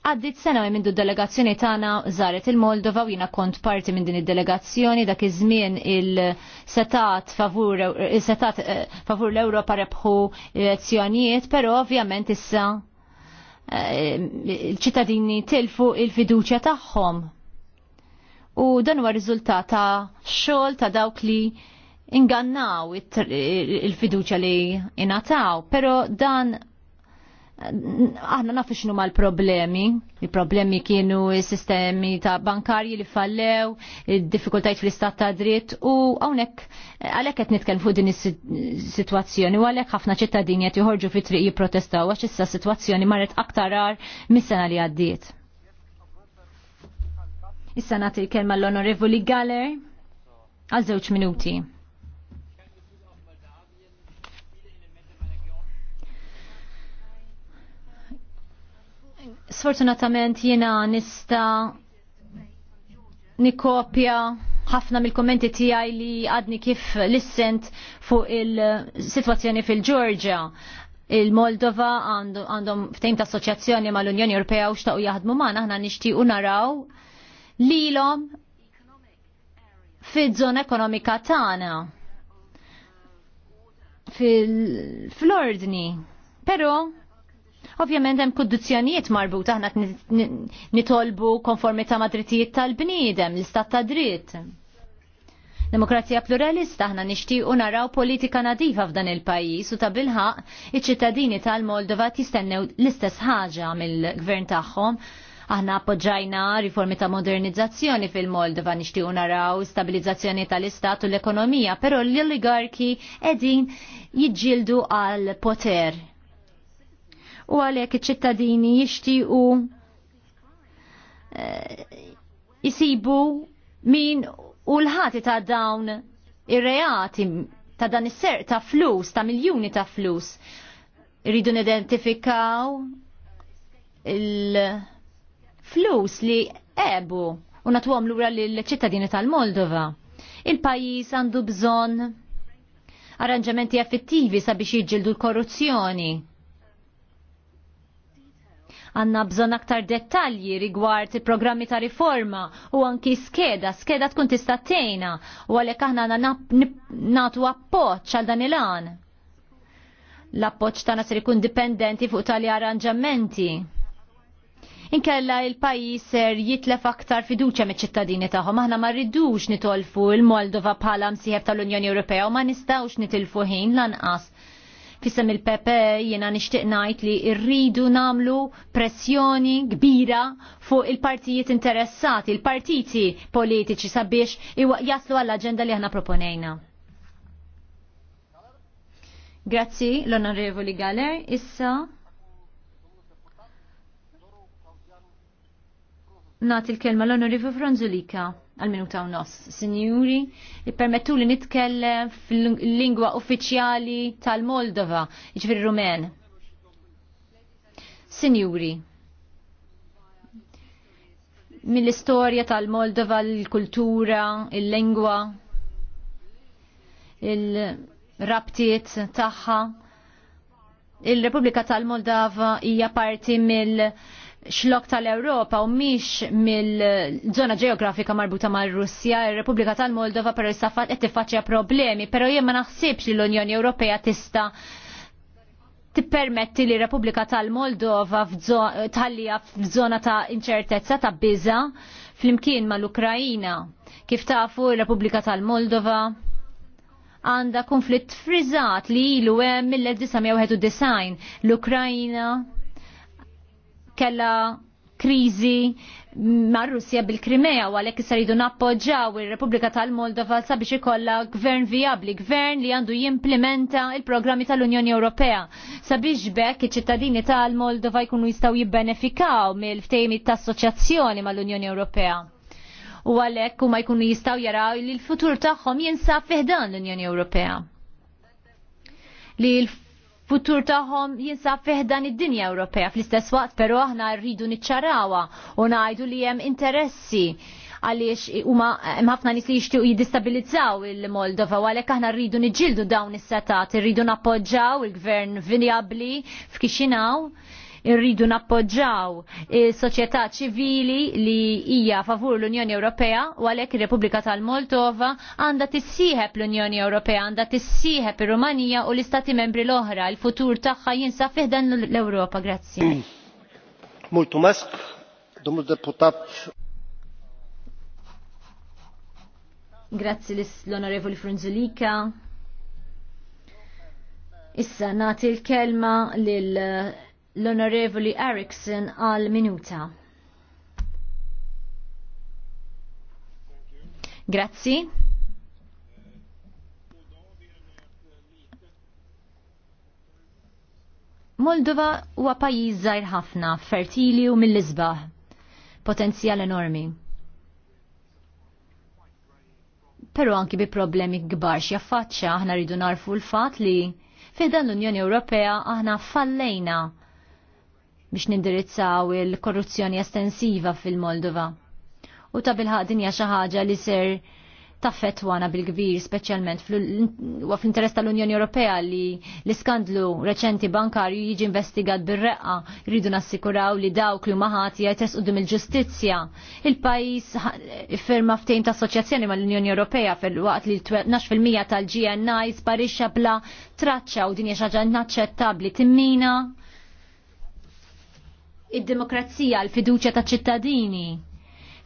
Għaddit sena minn du delegazzjoni tagħna żaret il-Moldova u jiena kont parti minn din id-delegazzjoni dak iż-żmien il-setat favur il-setat eh, favur l-Ewropa rebħu elezzjonijiet, però ovvjament issa eh, il-ċittadini tilfu il-fiduċja tagħhom. U dan huwa riżultat ta' xogħol ta' dawk li ingannaw il-fiduċja li inataw, però dan aħna nafu x'nu mal-problemi. Il-problemi kienu sistemi ta' bankarji li fallew, il difikultajt fl-istat ta' dritt u hawnhekk għalhekk qed nitkellem fuq din is-sitwazzjoni u għalhekk ħafna ċittadini għet joħorġu fi triq jipprotestaw għax issa sitwazzjoni marret aktar għar mis-sena li għaddiet. Issa nagħti kelma l-Onorevoli Galler għal żewġ minuti. Sfortunatament jiena nista nikopja ħafna mill-kommenti tiegħi li għadni kif lissent fuq il-sitwazzjoni fil-Ġorġja. Il-Moldova għandhom ftejm ta' assoċjazzjoni mal-Unjoni Ewropea u xtaqu jaħdmu magħna aħna nixtiequ naraw lilhom fiż-żona ekonomika tagħna fil-ordni. Però Ovvjament hemm kundizzjonijiet marbuta aħna nitolbu konformità ma' drittijiet tal-bniedem, l-istat ta' dritt. Demokrazija pluralista aħna nixtiequ naraw politika nadifa f'dan il-pajjiż u ta' bilħaq iċ-ċittadini tal-Moldova tistennew l-istess ħaġa mill-gvern tagħhom aħna appoġġajna riformi ta' modernizzazzjoni fil-Moldova nixtiequ naraw stabilizzazzjoni tal-istat u l-ekonomija, però l-oligarki qegħdin jiġġieldu għal poter u għalhekk iċ-ċittadini jixtiequ eh, jisibu min u l-ħati ta' dawn ir-reati ta' dan is-ser ta' flus, ta' miljuni ta' flus. Rridu nidentifikaw il-flus li ebu u natu lura l-ċittadini tal-Moldova. Il-pajis għandu bżon arranġamenti effettivi sabiex jiġġildu l-korruzzjoni Għanna bżon aktar dettalji rigward programmi ta' riforma u anki skeda, skeda tkun tista' tejna u għalek aħna natu appoċ għal dan il-għan. L-appoċ ta' nasir ikun dipendenti fuq tali arranġamenti. Inkella il-pajis ser jitlef aktar fiduċa me ċittadini taħħom. Aħna ma rridux nitolfu il-Moldova bħala msieħeb tal-Unjoni Ewropea u ma nistawx nitilfu ħin lanqas Fissem il-Pepe jena nishtiq najt li irridu namlu pressjoni kbira fuq il-partijiet interessati, il-partiti politiċi sabiex jaslu għall-agenda li ħna proponejna. Grazzi l-Onorevoli Galer. Issa Nati il-kelma l-Onorevoli Franzulika għal-minuta u nos. Sinjuri, permettu li nitkellem fil-lingwa uffiċjali tal-Moldova, ġviri Rumen. Sinjuri, mill-istorja tal-Moldova, l-kultura, il-lingwa, il-rabtiet taħħa, Il-Repubblika tal moldova hija parti mill- xlok tal-Europa u miex mill-żona ġeografika marbuta mal russja ir-Repubblika tal-Moldova per safat qed tiffaċċja problemi, però jien ma naħsibx li l-Unjoni Ewropea tista' tippermetti li Repubblika tal-Moldova tħallija f'żona ta' inċertezza ta' biża flimkien mal-Ukrajina. Kif tafu r-Repubblika tal-Moldova għanda konflitt frizzat li ilu hemm mill-1991 l ukrajina kella kriżi mar russija bil-Krimea u għalhekk issa nappoġġaw ir-Repubblika tal-Moldova sabiex ikollha gvern vijabbli, gvern li għandu jimplementa il-programmi tal-Unjoni Ewropea sabiex bekk iċ-ċittadini tal-Moldova jkunu jistgħu jibbenefikaw mill-ftejmi tas-assoċjazzjoni mal-Unjoni Ewropea. U għalhekk huma jkunu jistgħu jaraw li l-futur tagħhom jinsab fiħdan l-Unjoni Ewropea li futur tagħhom jinsab fiħdan id-dinja Ewropea fl-istess waqt però aħna rridu niċċarawa u ngħidu li hemm interessi għaliex huma hemm ħafna nies li jixtiequ jiddistabilizzaw il-Moldova u għalhekk aħna rridu niġġieldu dawn is-setat, irridu nappoġġaw il-gvern vinjabbli f'Kixinaw irridu nappoġġaw is-soċjetà ċivili li hija favur l-Unjoni Ewropea u għalhekk ir-Repubblika tal-Moldova għandha tissieħeb l-Unjoni Ewropea, għandha tissieħeb ir-Rumanija u l-Istati membri l-oħra, il-futur tagħha jinsab fiħdan l-Ewropa. Grazzi. Multu mask, domnul deputat. Grazzi l-Onorevoli Frunzulika. Issa nagħti l-kelma lil l-Onorevoli Erickson għal minuta. Grazzi. Moldova huwa pajjiż żgħir ħafna, fertili u mill-isbaħ. Potenzjal enormi. Però anki bi problemi kbar x'jaffaċċja aħna rridu narfu l-fatt li fiħdan l-Unjoni Ewropea aħna fallejna biex nindirizzaw il-korruzzjoni estensiva fil-Moldova. U ta' bil dinja xi ħaġa li ser taffetwana bil-kbir, speċjalment fl-interess tal-Unjoni Ewropea li l-iskandlu reċenti bankarju jiġi investigat bir-reqqa, rridu nassikuraw li dawk li maħati jgħetres u il-ġustizzja. Il-pajis firma ftejn ta' assoċjazzjoni mal-Unjoni Ewropea fil-waqt li 12% tal-GNI sparixxa bla traċċa u din hija xaġa naċċettabbli timmina id-demokrazija, l-fiduċja ta' ċittadini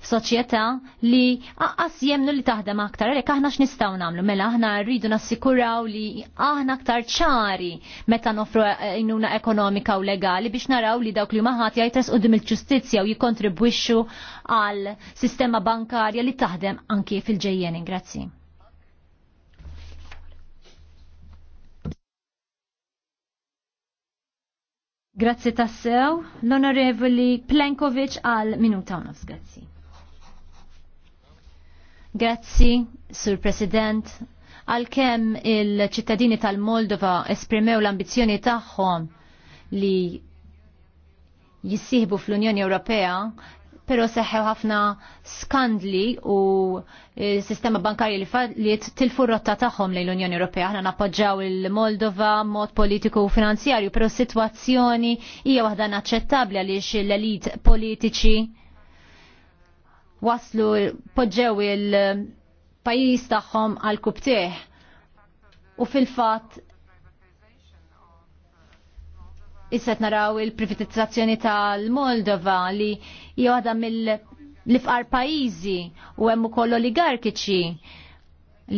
f'soċjetà li aqqas jemnu li taħdem aktar, għalek aħna x x-nistaw nagħmlu, mela aħna rridu nassikuraw li aħna aktar ċari meta nofru inuna eh, ekonomika u legali biex naraw li dawk li maħat ħadd jajtres qudiem il-ġustizzja u jikontribwixxu għal sistema bankarja li taħdem anki fil-ġejjeni. Grazzi. Grazzi tassew, l-onorevoli Plenkovic għal minuta unos, nofs, grazzi. Grazzi, Sur President, għal kem il-ċittadini tal-Moldova esprimew l-ambizjoni tagħhom li jissieħbu fl-Unjoni Ewropea, pero seħħew ħafna skandli u eh, sistema bankarji li, li tilfu rotta tagħhom lejn l-Unjoni Ewropea. Aħna nappoġġaw il-Moldova mod politiku u finanzjarju, pero sitwazzjoni hija waħda naċċettabbli għaliex l-elit politiċi waslu poġġew il-pajjiż tagħhom għal kubtieħ. U fil-fatt Isset naraw il-privatizzazzjoni tal-Moldova li jgħada mill lifqar pajizi u hemm ukoll oligarkiċi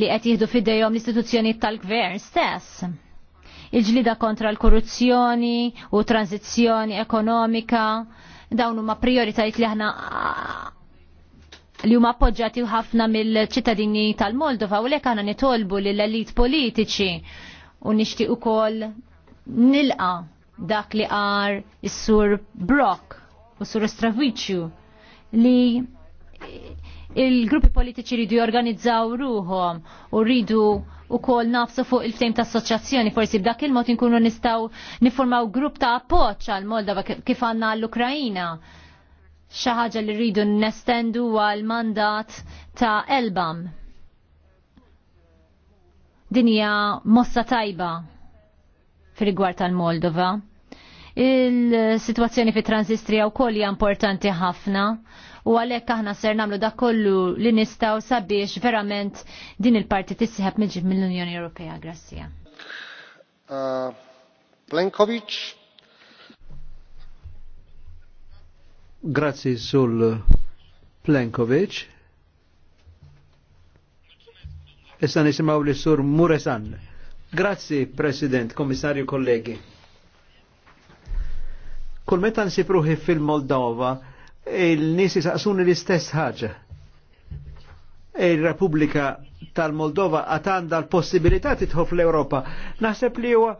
li qed jieħdu fidejhom l-istituzzjoni tal-gvern stess il-ġlida kontra l-korruzzjoni u tranzizzjoni ekonomika, dawn huma prioritajiet li aħna li huma appoġġjati ħafna mill-ċittadini tal-Moldova u lek aħna nitolbu lill elit politiċi u nixtieq ukoll nilqa' dak li għar is-sur Brock u sur Stravicju li il-gruppi politiċi ridu jorganizzaw ruhom u rridu u kol nafsu fuq il fejm ta' assoċjazzjoni forsi b'dak il-mod inkunu nistaw niformaw grupp ta' appoċ għal Moldova kif għanna l-Ukrajina. ħaġa li rridu nestendu għal mandat ta' Elbam. Dinja mossa tajba fil-rigward tal-Moldova. Il-situazzjoni fi Transistria u koll hija importanti ħafna u għalhekk aħna ser nagħmlu dak kollu li nistgħu sabiex verament din il-parti tissieħab miġib mill-Unjoni Ewropea. Grazzija. Uh, Plenkovic. Grazzi sul Plenkovic. Issa nisimgħu li sur Muresan. Grazzi, President, Komissarju, kollegi. Kull meta nsipruħi fil-Moldova, il-nisi saqsuni l-istess ħaġa. Il-Repubblika tal-Moldova għatanda l-possibilità titħof l-Europa. Naħseb li huwa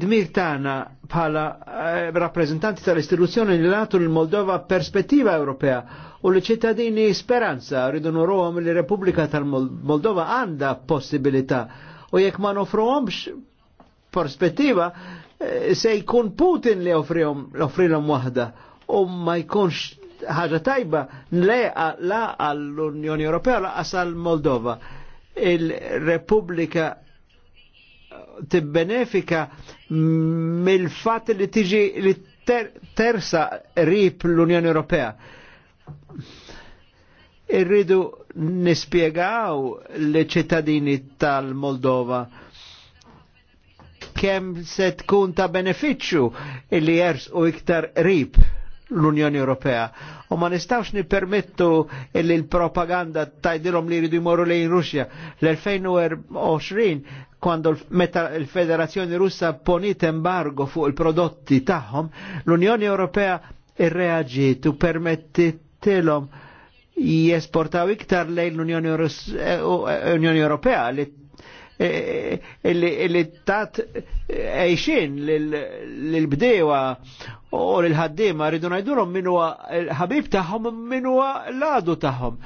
dmir tana bħala eh, rappresentanti tal-istituzzjoni li nagħtu l-Moldova perspettiva Ewropea u li ċittadini speranza rridu nuruhom li Repubblika tal-Moldova għanda possibilità u jekk ma nofruhomx perspettiva eh, se jkun Putin li offrihom l offrilhom waħda u ma jkunx ħaġa tajba leqa la għall-Unjoni Ewropea la għal Moldova. Il-Repubblika eh, tibbenefika mill-fat li tiġi li tersa rip l-Unjoni Ewropea irridu nispiegaw li ċittadini tal-Moldova kem se tkun ta' beneficju illi jers u iktar rib l-Unjoni Ewropea. U ma nistawx nipermettu illi l-propaganda tajdilhom li jridu jmorru lejn Russja. L-2020 kwando l-Federazzjoni Russa ponit embargo fuq il-prodotti tagħhom, l-Unjoni Ewropea irreaġiet u permettitilhom jesportaw iktar lejn l-Unjoni eh, eh, Ewropea eh, li li tat eixin l-bdewa u l-ħaddima rridu najdurom minu ħabib taħħom minu l-għadu taħħom.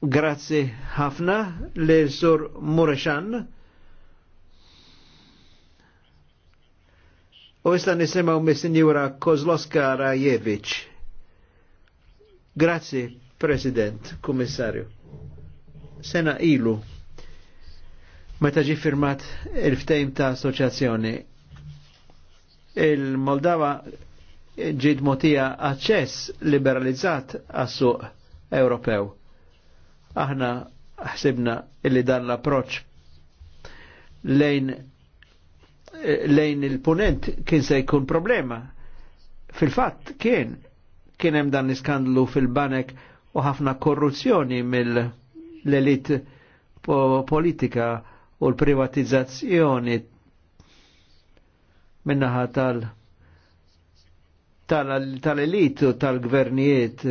Grazzi ħafna li sur Mureshan. U issa nisimaw mis-Sinjura Kozloska Rajevic. Grazzi, President, Kummissarju. Sena ilu, meta ġi firmat il-ftejm ta' assoċjazzjoni, il-Moldava ġid motija access liberalizzat għas-suq Ewropew. Aħna ħsibna illi dan l-approċ lejn eh, lejn il-ponent kien se jkun problema. Fil-fatt kien kien hemm dan l-iskandlu fil-banek u ħafna korruzzjoni mill-elit politika u l-privatizzazzjoni minnaħa tal- tal-elit u tal-gvernijiet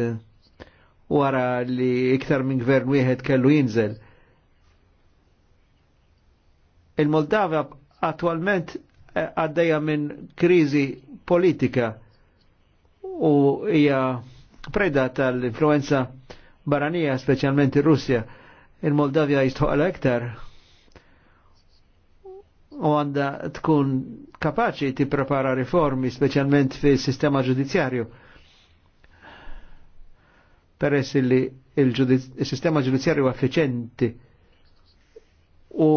wara li iktar minn gvern wieħed kellu jinżel. Il-Moldavia attualment għaddejja minn krizi politika u hija preda tal-influenza baranija, specialment ir-Russja. il jistħuq jistħoqla iktar u għanda tkun kapaċi ti prepara riformi, specialment fi sistema ġudizzjarju. Peress li il-sistema ġudizzjarju effiċenti u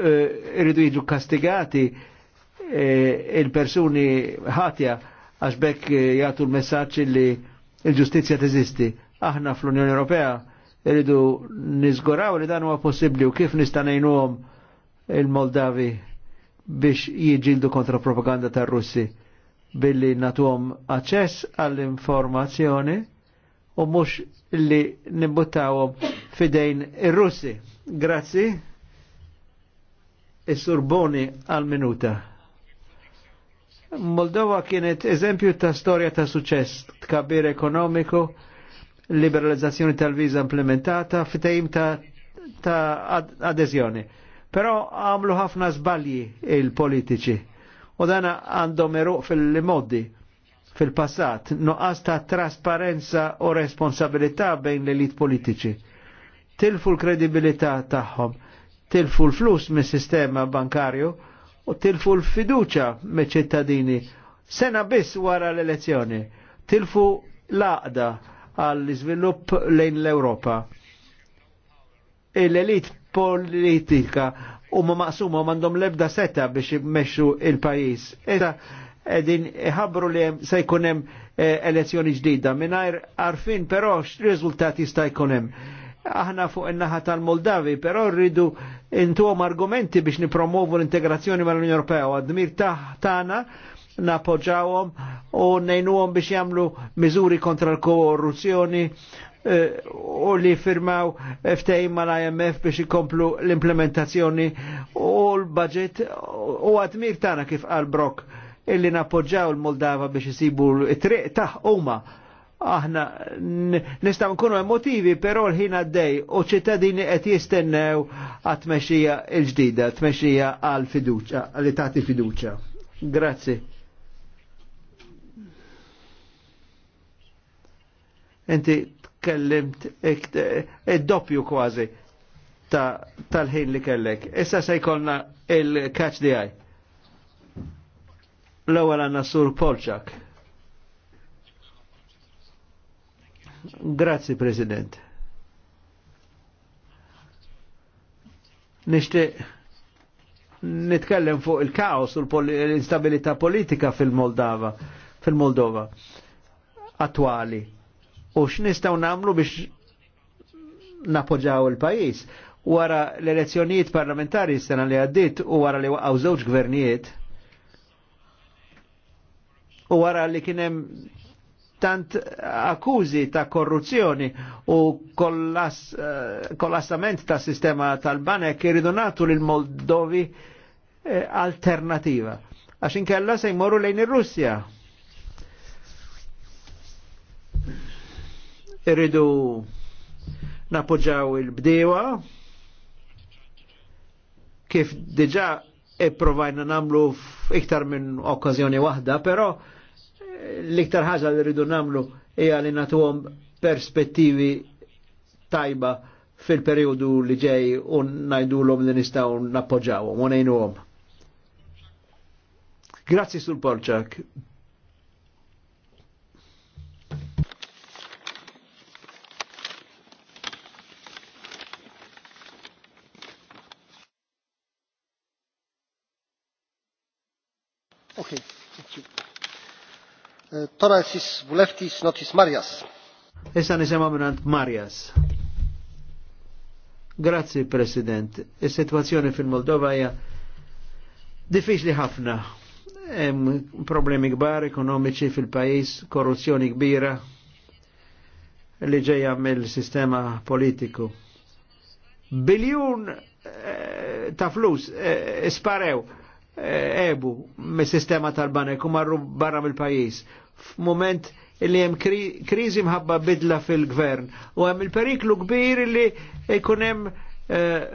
eh, irridu jidu kastigati e, il-persuni ħatja għax bekk eh, jgħatu l-messagġ li l ġustizja teżisti. Aħna fl-Unjoni Ewropea rridu nizguraw li dan huwa possibbli u kif nista' ngħinuhom il-Moldavi biex jiġildu kontra propaganda tar-Russi billi natuhom aċċess għall-informazzjoni u mhux li nibbuttawhom fidejn ir-Russi. Grazzi. Is-Surboni għal-minuta. Moldova kienet eżempju ta' storja ta' suċess, tkabbir ekonomiku, liberalizzazzjoni tal-viza implementata, fitejim ta', ta ad adezjoni. Però għamlu ħafna zbalji il-politiċi. U dana għandhom eruq fil-modi, fil-passat, noqqas ta' trasparenza u responsabilità bejn l-elit politiċi. Tilfu l-kredibilità tagħhom, tilfu l-flus mis-sistema bankarju, u tilfu l-fiduċa me ċittadini sena biss wara l-elezzjoni tilfu l-aqda għall-izvilupp lejn l-Europa. l elit politika huma maqsuma u mandom l-ebda seta biex jimmexxu il-pajjiż. Eta edin iħabru li se jkunem eh, elezzjoni ġdida mingħajr arfin però x jista' jkun hemm aħna fuq in-naħa tal-Moldavi, però rridu intuhom argumenti biex nipromovu l-integrazzjoni mal-Unjoni Ewropea u għadmir taħtana napoġawhom u nejnuhom biex jagħmlu miżuri kontra l-korruzzjoni eh, u li firmaw ftejn mal-IMF biex ikomplu l-implementazzjoni u l-budget u għadmir tagħna kif għal Brok illi napoġġaw l-Moldava biex isibu it-triq taħ huma aħna nistaw nkunu emotivi, però l-ħin għaddej u ċittadini qed jistennew għat tmexxija l-ġdida, tmexxija għal fiduċa, li tagħti fiduċa. Grazzi. Inti tkellimt id-doppju kważi tal-ħin li kellek. Issa se jkollna il-catch di eye. L-ewwel għandna sur Polċak. Grazzi, President. Nishtiq nitkellem fuq il-kaos u l-instabilità politika fil-Moldova fil-Moldova attwali u x'nistgħu nagħmlu biex napoġġaw il-pajjiż wara l-elezzjonijiet parlamentari s-sena li għaddit u wara li waqgħu żewġ gvernijiet u wara li kien hemm tant akkużi ta' korruzzjoni u eh, kollassament ta' sistema tal-banek irridu natu lil Moldovi eh, alternativa. Għaxin kella se jmorru lejn il russja Irridu napoġaw il-bdewa kif diġa e provajna namlu iktar minn okkazjoni wahda, pero l-iktar ħaġa li rridu namlu hija li natuhom perspettivi tajba fil-periodu li ġej un najdulhom li nistgħu nappoġġawhom u ngħinuhom. Grazzi sul Polċak. Okay, thank you. Torasis Vuleftis Notis Marjas. Issa nisema minant Marjas. Grazzi, President. Is-situazzjoni fil-Moldova hija diffiċli ħafna. Hemm problemi kbar ekonomiċi fil pajis korruzzjoni kbira li ġejja mill-sistema politiku. Biljun eh, ta' flus eh, isparew Eh, ebu mis-sistema tal-banek u marru barra mill-pajis. F'moment li hemm kriżi mħabba bidla fil-gvern u hemm il-periklu kbir li jkun hemm eh,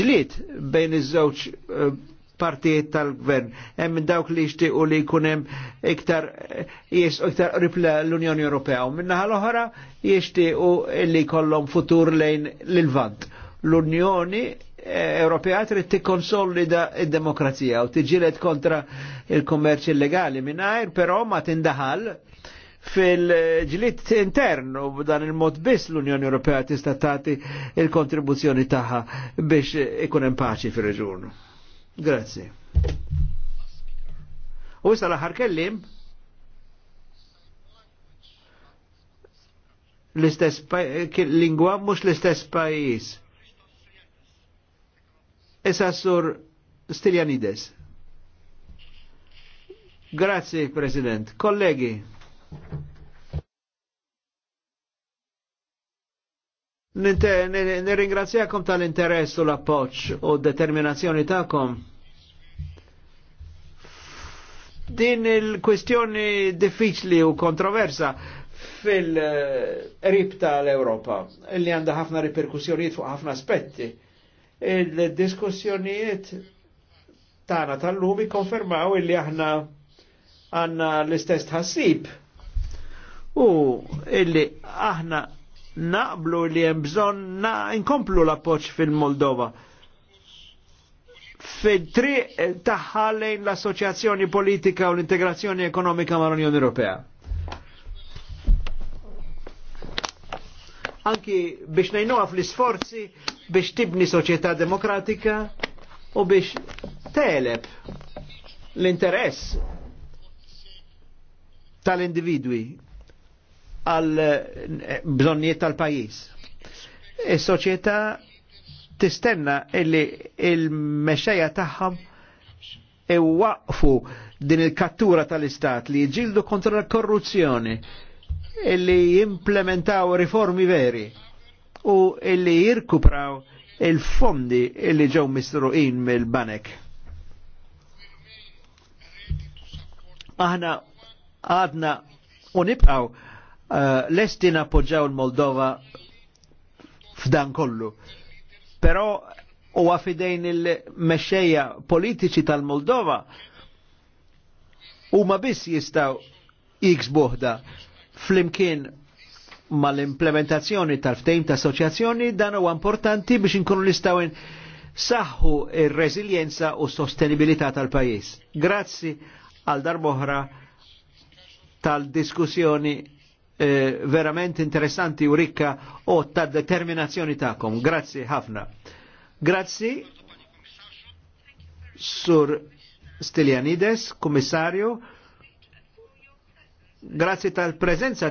ġlied bejn iż-żewġ eh, partijiet tal-gvern. Hemm dawk li jixtiequ li jkun hemm iktar jis iktar ripla l-Unjoni Ewropea u minnaħa l-oħra jixtiequ li jkollhom futur lejn l-Vant. L-Unjoni Ewropea trid tikkonsolida d demokrazija u tiġilet kontra il-kommerċ illegali mingħajr però ma tindaħal fil-ġlit intern u b'dan il-mod biss l-Unjoni Ewropea tista' tagħti il-kontribuzzjoni tagħha biex ikun hemm paċi fir-reġun. Grazzi. U issa l-aħħar kellim l-istess lingwa mhux l-istess pajjiż Issa sur Stiljanides. Grazzi, President. Kollegi, Nirringrazzjakom tal-interess u l-appoċ u determinazzjoni ta'kom. Din il-kwestjoni diffiċli u kontroversa fil-rib tal-Europa, li għanda ħafna riperkussjonijiet fuq ħafna aspetti Il-diskussjonijiet tana tal-lum konfermaw illi aħna għanna l-istess tħassib u illi aħna naqblu li hemm bżonn na inkomplu l-appoġġ fil-Moldova fil-tri taħħa lejn l-assoċjazzjoni politika u l-integrazzjoni ekonomika mal unjoni Ewropea. Anki biex ngħinuha fl-isforzi biex tibni soċjetà demokratika u biex teleb l-interess tal-individwi għal eh, bżonniet tal-pajis. Is-soċjetà e tistenna illi il-mexxejja tagħhom iwaqfu din il-kattura tal-istat li jġildu kontra l-korruzzjoni illi jimplementaw riformi veri u illi jirkupraw il-fondi illi ġew misruqin mill-banek. Aħna għadna u nibqaw uh, lesti nappoġġaw il-Moldova f'dan kollu. Però u għafidejn il mesċeja politiċi tal-Moldova u ma biss jistaw jiksbuħda flimkien mal-implementazzjoni tal-ftejm ta' assoċjazzjoni dan huwa importanti biex inkunu nistgħu saħħu ir-reżiljenza u sostenibilità tal-pajjiż. Grazzi għal darboħra tal-diskussjoni eh, verament interessanti u ricca u ta' determinazzjoni ta'kom. Grazzi ħafna. Grazzi Sur Stilianides, Kummissarju, grazzi tal-prezenza